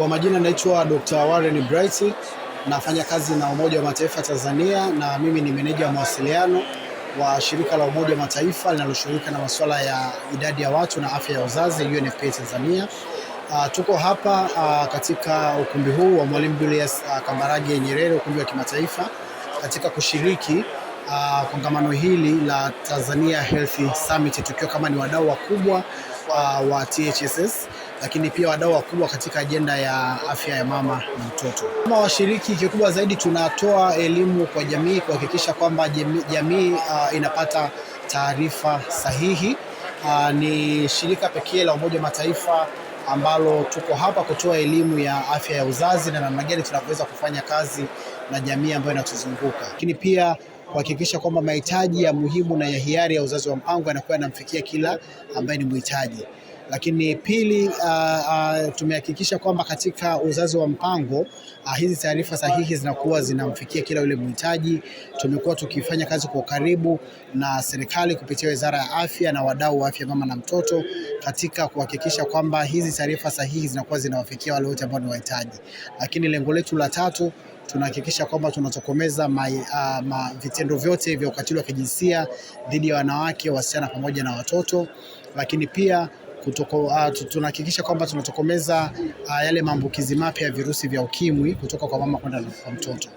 Kwa majina naitwa Dr. Warren Bright, nafanya kazi na Umoja wa Mataifa Tanzania na mimi ni meneja wa mawasiliano wa shirika la Umoja wa Mataifa linaloshughulika na masuala ya idadi ya watu na afya ya uzazi UNFPA Tanzania. Uh, tuko hapa uh, katika ukumbi huu wa Mwalimu Julius uh, Kambarage Nyerere, ukumbi wa kimataifa katika kushiriki uh, kongamano hili la Tanzania Health Summit, tukiwa kama ni wadau wakubwa uh, wa THSS lakini pia wadau wakubwa katika ajenda ya afya ya mama na mtoto. Kama washiriki, kikubwa zaidi tunatoa elimu kwa jamii kuhakikisha kwamba jamii, jamii uh, inapata taarifa sahihi. Uh, ni shirika pekee la Umoja wa Mataifa ambalo tuko hapa kutoa elimu ya afya ya uzazi na namna gani tunavyoweza kufanya kazi na jamii ambayo inatuzunguka, lakini pia kuhakikisha kwamba mahitaji ya muhimu na ya hiari ya uzazi wa mpango yanakuwa yanamfikia kila ambaye ni mhitaji. Lakini pili, uh, uh, tumehakikisha kwamba katika uzazi wa mpango uh, hizi taarifa sahihi zinakuwa zinamfikia kila yule mhitaji. Tumekuwa tukifanya kazi kwa ukaribu na serikali kupitia Wizara ya Afya na wadau wa afya mama na mtoto katika kuhakikisha kwamba hizi taarifa sahihi zinakuwa zinawafikia wale wote ambao ni wahitaji. Lakini lengo letu la tatu tunahakikisha kwamba tunatokomeza ma, uh, ah, ma vitendo vyote vya ukatili wa kijinsia dhidi ya wanawake, wasichana pamoja na watoto, lakini pia Uh, tunahakikisha kwamba tunatokomeza uh, yale maambukizi mapya ya virusi vya ukimwi kutoka kwa mama kwenda kwa mtoto.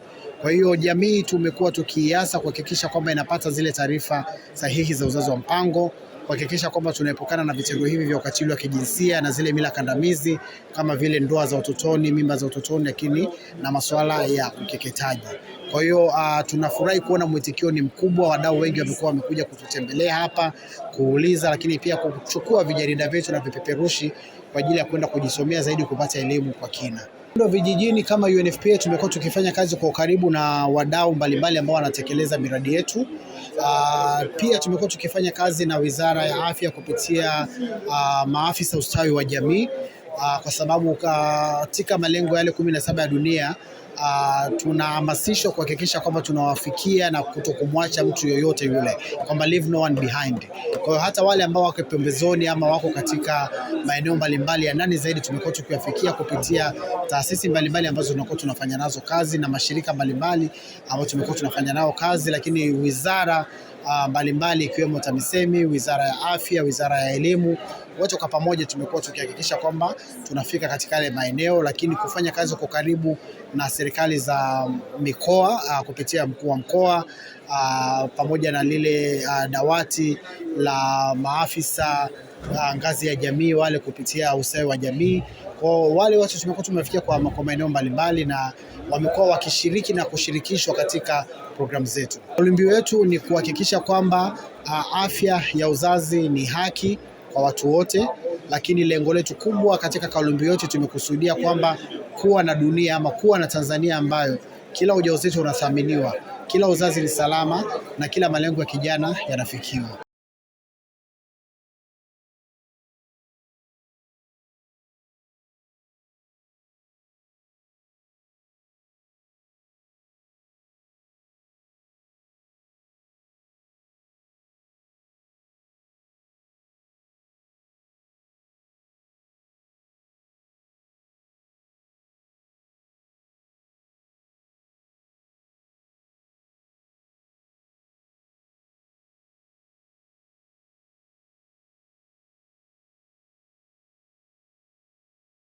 Kwa hiyo jamii tumekuwa tukiiasa kuhakikisha kwamba inapata zile taarifa sahihi za uzazi wa mpango, kuhakikisha kwamba tunaepukana na vitendo hivi vya ukatili wa kijinsia na zile mila kandamizi kama vile ndoa za utotoni, mimba za utotoni, lakini na masuala ya ukeketaji. Kwa hiyo uh, tunafurahi kuona mwitikio ni mkubwa. Wadau wengi wamekuwa wamekuja kututembelea hapa kuuliza, lakini pia kuchukua vijarida vyetu na vipeperushi kwa ajili ya kwenda kujisomea zaidi, kupata elimu kwa kina. Vijijini kama UNFPA tumekuwa tukifanya kazi kwa ukaribu na wadau mbalimbali ambao wanatekeleza miradi yetu. Uh, pia tumekuwa tukifanya kazi na Wizara ya Afya kupitia uh, maafisa ustawi wa jamii uh, kwa sababu katika malengo yale kumi na saba ya dunia Uh, tunahamasishwa kuhakikisha kwamba tunawafikia na kutokumwacha mtu yoyote yule, kwamba leave no one behind. Kwa hiyo hata wale ambao wako pembezoni ama wako katika maeneo mbalimbali ya ndani zaidi, tumekuwa tukiwafikia kupitia taasisi mbalimbali ambazo tunakuwa tunafanya nazo kazi na mashirika mbalimbali ambayo tumekuwa tunafanya nao kazi, lakini wizara Ah, mbalimbali ikiwemo TAMISEMI, wizara ya afya, wizara ya elimu, wote kwa pamoja tumekuwa tukihakikisha kwamba tunafika katika yale maeneo, lakini kufanya kazi kwa karibu na serikali za mikoa uh, kupitia mkuu wa mkoa ah, pamoja na lile uh, dawati la maafisa uh, ngazi ya jamii wale kupitia ustawi wa jamii. Kwa wale watu tumekuwa tumefikia kwa, maeneo mbalimbali na wamekuwa wakishiriki na kushirikishwa katika programu zetu. Ulimbi wetu ni kuhakikisha kwamba uh, afya ya uzazi ni haki kwa watu wote, lakini lengo letu kubwa katika kaulimbiu yote tumekusudia kwamba kuwa na dunia ama kuwa na Tanzania ambayo kila ujauzito unathaminiwa, kila uzazi ni salama na kila malengo ya kijana yanafikiwa.